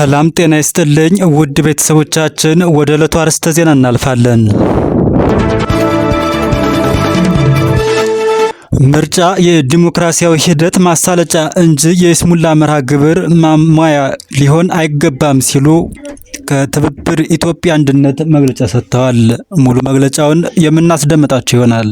ሰላም ጤና ይስጥልኝ ውድ ቤተሰቦቻችን፣ ወደ ዕለቱ አርዕስተ ዜና እናልፋለን። ምርጫ የዲሞክራሲያዊ ሂደት ማሳለጫ እንጂ የይስሙላ መርሃ ግብር ማሟያ ሊሆን አይገባም ሲሉ ከትብብር ኢትዮጵያ አንድነት መግለጫ ሰጥተዋል። ሙሉ መግለጫውን የምናስደምጣቸው ይሆናል።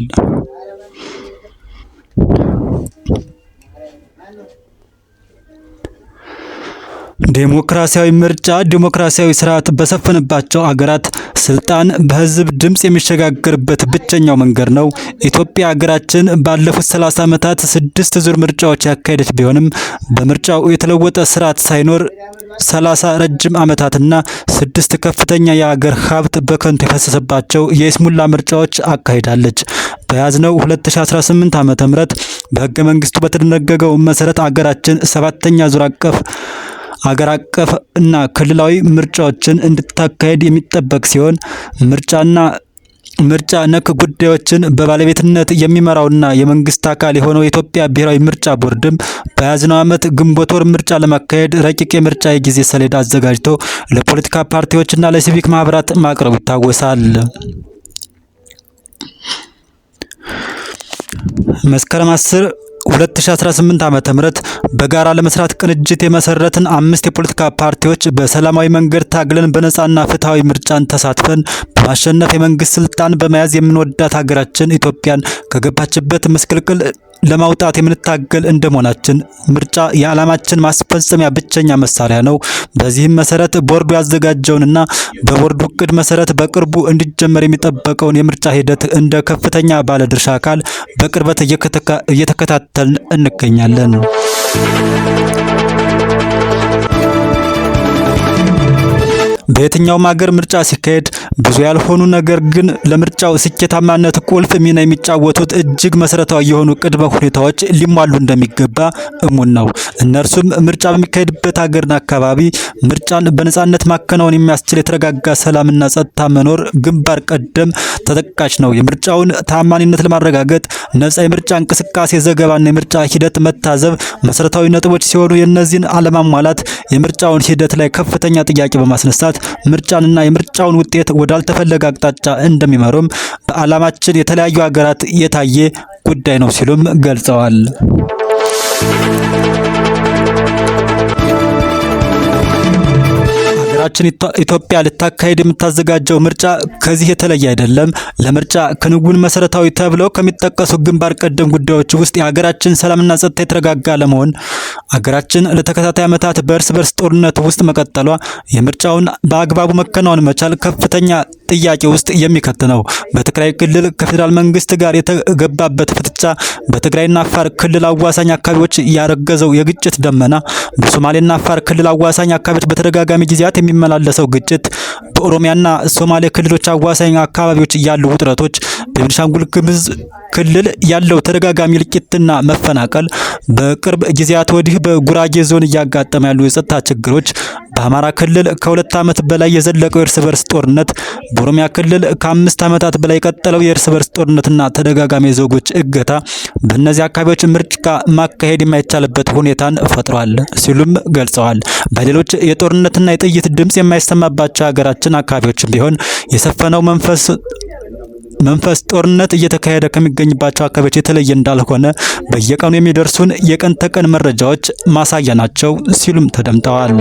ዴሞክራሲያዊ ምርጫ ዴሞክራሲያዊ ስርዓት በሰፈነባቸው አገራት ስልጣን በህዝብ ድምፅ የሚሸጋገርበት ብቸኛው መንገድ ነው። ኢትዮጵያ ሀገራችን ባለፉት 30 ዓመታት ስድስት ዙር ምርጫዎች ያካሄደች ቢሆንም በምርጫው የተለወጠ ስርዓት ሳይኖር 30 ረጅም ዓመታትና ስድስት ከፍተኛ የአገር ሀብት በከንቱ የፈሰሰባቸው የስሙላ ምርጫዎች አካሂዳለች። በያዝነው 2018 ም በህገ መንግስቱ በተደነገገው መሰረት አገራችን ሰባተኛ ዙር አቀፍ አገር አቀፍ እና ክልላዊ ምርጫዎችን እንድታካሄድ የሚጠበቅ ሲሆን ምርጫና ምርጫ ነክ ጉዳዮችን በባለቤትነት የሚመራውና የመንግስት አካል የሆነው የኢትዮጵያ ብሔራዊ ምርጫ ቦርድም በያዝነው ዓመት ግንቦት ወር ምርጫ ለማካሄድ ረቂቅ የምርጫ የጊዜ ሰሌዳ አዘጋጅቶ ለፖለቲካ ፓርቲዎችና ለሲቪክ ማህበራት ማቅረቡ ይታወሳል። መስከረም 10 2018 ዓ ም በጋራ ለመስራት ቅንጅት የመሰረትን አምስት የፖለቲካ ፓርቲዎች በሰላማዊ መንገድ ታግለን በነፃና ፍትሐዊ ምርጫን ተሳትፈን በማሸነፍ የመንግስት ስልጣን በመያዝ የምንወዳት ሀገራችን ኢትዮጵያን ከገባችበት ምስቅልቅል ለማውጣት የምንታገል እንደመሆናችን ምርጫ የዓላማችን ማስፈጸሚያ ብቸኛ መሳሪያ ነው። በዚህም መሰረት ቦርዱ ያዘጋጀውንና በቦርዱ እቅድ መሰረት በቅርቡ እንዲጀመር የሚጠበቀውን የምርጫ ሂደት እንደ ከፍተኛ ባለድርሻ አካል በቅርበት እየተከታተልን እንገኛለን። በየትኛውም ሀገር ምርጫ ሲካሄድ ብዙ ያልሆኑ ነገር ግን ለምርጫው ስኬታማነት ቁልፍ ሚና የሚጫወቱት እጅግ መሰረታዊ የሆኑ ቅድመ ሁኔታዎች ሊሟሉ እንደሚገባ እሙን ነው። እነርሱም ምርጫ በሚካሄድበት ሀገርና አካባቢ ምርጫን በነጻነት ማከናወን የሚያስችል የተረጋጋ ሰላምና ጸጥታ መኖር ግንባር ቀደም ተጠቃሽ ነው። የምርጫውን ታማኒነት ለማረጋገጥ ነጻ የምርጫ እንቅስቃሴ ዘገባና የምርጫ ሂደት መታዘብ መሰረታዊ ነጥቦች ሲሆኑ የእነዚህን አለማሟላት የምርጫውን ሂደት ላይ ከፍተኛ ጥያቄ በማስነሳት ማለት ምርጫንና የምርጫውን ውጤት ወዳልተፈለገ አቅጣጫ እንደሚመሩም በአላማችን የተለያዩ ሀገራት የታየ ጉዳይ ነው ሲሉም ገልጸዋል። ሀገራችን ኢትዮጵያ ልታካሄድ የምታዘጋጀው ምርጫ ከዚህ የተለየ አይደለም። ለምርጫ ክንውን መሰረታዊ ተብለው ከሚጠቀሱ ግንባር ቀደም ጉዳዮች ውስጥ የሀገራችን ሰላምና ጸጥታ የተረጋጋ ለመሆን አገራችን ለተከታታይ ዓመታት በእርስ በርስ ጦርነት ውስጥ መቀጠሏ የምርጫውን በአግባቡ መከናወን መቻል ከፍተኛ ጥያቄ ውስጥ የሚከት ነው። በትግራይ ክልል ከፌዴራል መንግስት ጋር የተገባበት ፍጥጫ፣ በትግራይና አፋር ክልል አዋሳኝ አካባቢዎች ያረገዘው የግጭት ደመና፣ በሶማሌና አፋር ክልል አዋሳኝ አካባቢዎች በተደጋጋሚ ጊዜያት የሚመላለሰው ግጭት፣ በኦሮሚያና ሶማሌ ክልሎች አዋሳኝ አካባቢዎች ያሉ ውጥረቶች፣ በቤኒሻንጉል ጉሙዝ ክልል ያለው ተደጋጋሚ እልቂትና መፈናቀል፣ በቅርብ ጊዜያት ወዲህ በጉራጌ ዞን እያጋጠመ ያሉ የጸጥታ ችግሮች በአማራ ክልል ከሁለት ዓመት በላይ የዘለቀው የእርስ በርስ ጦርነት፣ በኦሮሚያ ክልል ከአምስት ዓመታት በላይ የቀጠለው የእርስ በርስ ጦርነትና ተደጋጋሚ የዜጎች እገታ በእነዚህ አካባቢዎች ምርጫ ማካሄድ የማይቻልበት ሁኔታን ፈጥሯል ሲሉም ገልጸዋል። በሌሎች የጦርነትና የጥይት ድምፅ የማይሰማባቸው ሀገራችን አካባቢዎችም ቢሆን የሰፈነው መንፈስ መንፈስ ጦርነት እየተካሄደ ከሚገኝባቸው አካባቢዎች የተለየ እንዳልሆነ በየቀኑ የሚደርሱን የቀን ተቀን መረጃዎች ማሳያ ናቸው ሲሉም ተደምጠዋል።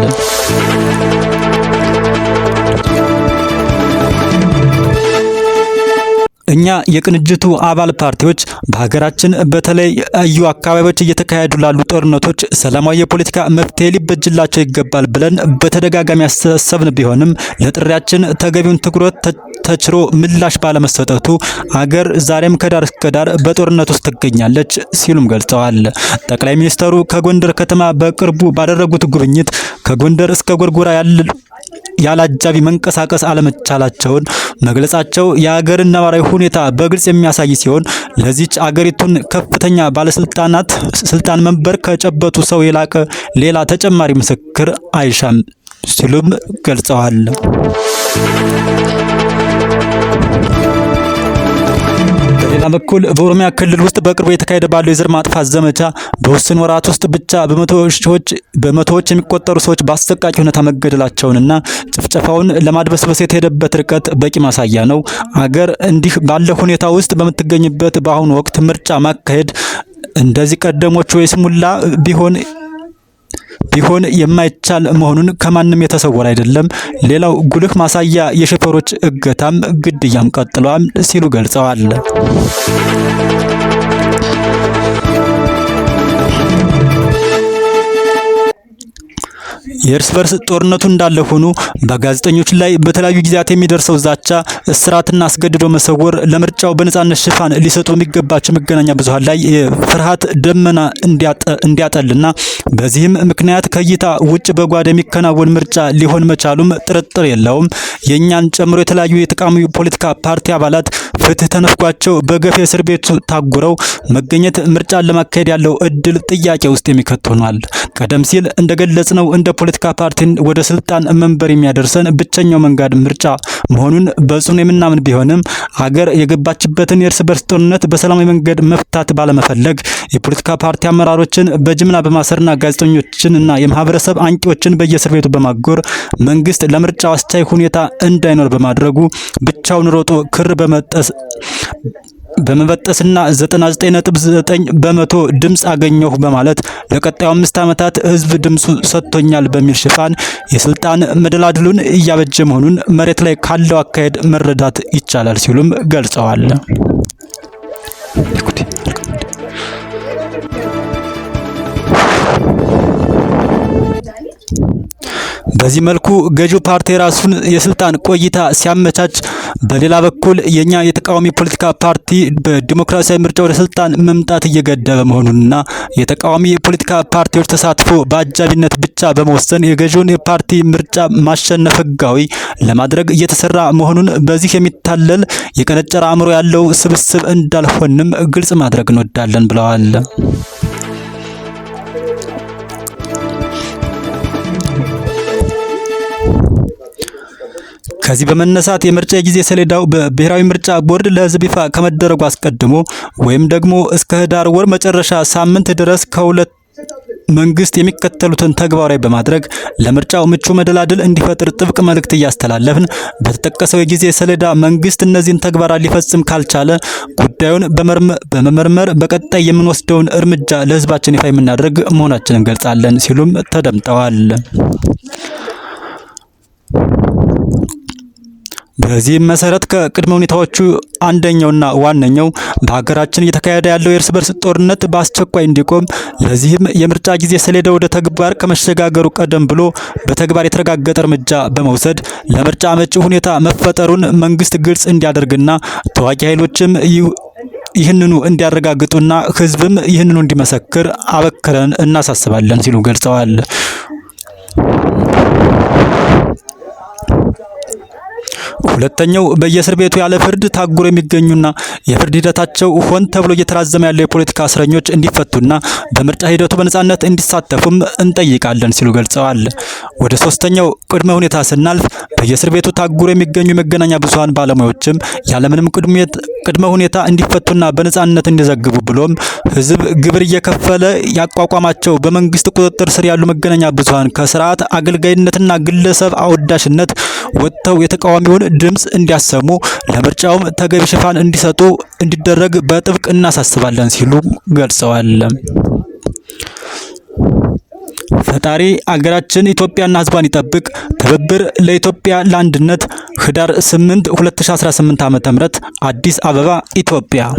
እኛ የቅንጅቱ አባል ፓርቲዎች በሀገራችን በተለይ አካባቢዎች እየተካሄዱ ላሉ ጦርነቶች ሰላማዊ የፖለቲካ መፍትሄ ሊበጅላቸው ይገባል ብለን በተደጋጋሚ ያሳሰብን ቢሆንም ለጥሪያችን ተገቢውን ትኩረት ተችሮ ምላሽ ባለመሰጠቱ አገር ዛሬም ከዳር እስከ ዳር በጦርነት ውስጥ ትገኛለች ሲሉም ገልጸዋል። ጠቅላይ ሚኒስተሩ ከጎንደር ከተማ በቅርቡ ባደረጉት ጉብኝት ከጎንደር እስከ ጎርጎራ ያሉ ያለ አጃቢ መንቀሳቀስ አለመቻላቸውን መግለጻቸው የሀገርን ነባራዊ ሁኔታ በግልጽ የሚያሳይ ሲሆን ለዚች አገሪቱን ከፍተኛ ባለስልጣናት ስልጣን መንበር ከጨበጡ ሰው የላቀ ሌላ ተጨማሪ ምስክር አይሻም ሲሉም ገልጸዋል። በሌላ በኩል በኦሮሚያ ክልል ውስጥ በቅርቡ የተካሄደ ባለው የዘር ማጥፋት ዘመቻ በውስን ወራት ውስጥ ብቻ በመቶዎች የሚቆጠሩ ሰዎች በአሰቃቂ ሁኔታ መገደላቸውንና ጭፍጨፋውን ለማድበስበስ የተሄደበት ርቀት በቂ ማሳያ ነው። አገር እንዲህ ባለ ሁኔታ ውስጥ በምትገኝበት በአሁኑ ወቅት ምርጫ ማካሄድ እንደዚህ ቀደሞች ወይስ ሙላ ቢሆን ቢሆን የማይቻል መሆኑን ከማንም የተሰወረ አይደለም። ሌላው ጉልህ ማሳያ የሾፌሮች እገታም ግድያም ቀጥሏል ሲሉ ገልጸዋል። የእርስ በርስ ጦርነቱ እንዳለ ሆኖ በጋዜጠኞች ላይ በተለያዩ ጊዜያት የሚደርሰው ዛቻ፣ እስራትና አስገድዶ መሰወር ለምርጫው በነጻነት ሽፋን ሊሰጡ የሚገባቸው መገናኛ ብዙሃን ላይ የፍርሃት ደመና እንዲያጠልና በዚህም ምክንያት ከእይታ ውጭ በጓዳ የሚከናወን ምርጫ ሊሆን መቻሉም ጥርጥር የለውም። የእኛን ጨምሮ የተለያዩ የተቃዋሚ ፖለቲካ ፓርቲ አባላት ፍትህ ተነፍጓቸው በገፍ እስር ቤቱ ታጉረው መገኘት ምርጫን ለማካሄድ ያለው እድል ጥያቄ ውስጥ የሚከት ሆኗል። ቀደም ሲል እንደገለጽ ነው እንደ ፖለቲካ የፖለቲካ ፓርቲን ወደ ስልጣን መንበር የሚያደርሰን ብቸኛው መንገድ ምርጫ መሆኑን በጽኑ የምናምን ቢሆንም አገር የገባችበትን የእርስ በርስ ጦርነት በሰላማዊ መንገድ መፍታት ባለመፈለግ የፖለቲካ ፓርቲ አመራሮችን በጅምላ በማሰርና ጋዜጠኞችን እና የማህበረሰብ አንቂዎችን በየእስር ቤቱ በማጎር መንግስት ለምርጫ አስቻይ ሁኔታ እንዳይኖር በማድረጉ ብቻውን ሮጦ ክር በመጠስ በመበጠስና 99.9 በመቶ ድምፅ አገኘሁ በማለት ለቀጣዩ አምስት ዓመታት ህዝብ ድምፁ ሰጥቶኛል በሚል ሽፋን የስልጣን መደላድሉን እያበጀ መሆኑን መሬት ላይ ካለው አካሄድ መረዳት ይቻላል ሲሉም ገልጸዋል። በዚህ መልኩ ገዢው ፓርቲ የራሱን የስልጣን ቆይታ ሲያመቻች፣ በሌላ በኩል የኛ የተቃዋሚ ፖለቲካ ፓርቲ በዲሞክራሲያዊ ምርጫ ወደ ስልጣን መምጣት እየገደበ መሆኑንና የተቃዋሚ የፖለቲካ ፓርቲዎች ተሳትፎ በአጃቢነት ብቻ በመወሰን የገዢውን የፓርቲ ምርጫ ማሸነፍ ህጋዊ ለማድረግ እየተሰራ መሆኑን በዚህ የሚታለል የቀነጨረ አእምሮ ያለው ስብስብ እንዳልሆንም ግልጽ ማድረግ እንወዳለን ብለዋል። ከዚህ በመነሳት የምርጫ የጊዜ ሰሌዳው በብሔራዊ ምርጫ ቦርድ ለህዝብ ይፋ ከመደረጉ አስቀድሞ ወይም ደግሞ እስከ ህዳር ወር መጨረሻ ሳምንት ድረስ ከሁለት መንግስት የሚከተሉትን ተግባራዊ በማድረግ ለምርጫው ምቹ መደላድል እንዲፈጥር ጥብቅ መልእክት እያስተላለፍን በተጠቀሰው የጊዜ ሰሌዳ መንግስት እነዚህን ተግባራት ሊፈጽም ካልቻለ ጉዳዩን በመመርመር በቀጣይ የምንወስደውን እርምጃ ለህዝባችን ይፋ የምናደርግ መሆናችን እንገልጻለን ሲሉም ተደምጠዋል። በዚህም መሰረት ከቅድመ ሁኔታዎቹ አንደኛውና ዋነኛው በሀገራችን እየተካሄደ ያለው የእርስ በርስ ጦርነት በአስቸኳይ እንዲቆም፣ ለዚህም የምርጫ ጊዜ ሰሌዳ ወደ ተግባር ከመሸጋገሩ ቀደም ብሎ በተግባር የተረጋገጠ እርምጃ በመውሰድ ለምርጫ መጪ ሁኔታ መፈጠሩን መንግስት ግልጽ እንዲያደርግና ተዋጊ ኃይሎችም ይህንኑ እንዲያረጋግጡና ህዝብም ይህንኑ እንዲመሰክር አበክረን እናሳስባለን ሲሉ ገልጸዋል። ሁለተኛው በየእስር ቤቱ ያለ ፍርድ ታጉሮ የሚገኙና የፍርድ ሂደታቸው ሆን ተብሎ እየተራዘመ ያለው የፖለቲካ እስረኞች እንዲፈቱና በምርጫ ሂደቱ በነጻነት እንዲሳተፉም እንጠይቃለን ሲሉ ገልጸዋል። ወደ ሶስተኛው ቅድመ ሁኔታ ስናልፍ በየእስር ቤቱ ታጉሮ የሚገኙ የመገናኛ ብዙሀን ባለሙያዎችም ያለምንም ቅድመ ሁኔታ እንዲፈቱና በነጻነት እንዲዘግቡ ብሎም ህዝብ ግብር እየከፈለ ያቋቋማቸው በመንግስት ቁጥጥር ስር ያሉ መገናኛ ብዙሀን ከስርዓት አገልጋይነትና ግለሰብ አወዳሽነት ወጥተው የተቃዋሚውን ድምፅ እንዲያሰሙ ለምርጫውም ተገቢ ሽፋን እንዲሰጡ እንዲደረግ በጥብቅ እናሳስባለን ሲሉ ገልጸዋል። ፈጣሪ አገራችን ኢትዮጵያና ሕዝቧን ይጠብቅ። ትብብር ለኢትዮጵያ ለአንድነት። ህዳር 8 2018 ዓ.ም አዲስ አበባ ኢትዮጵያ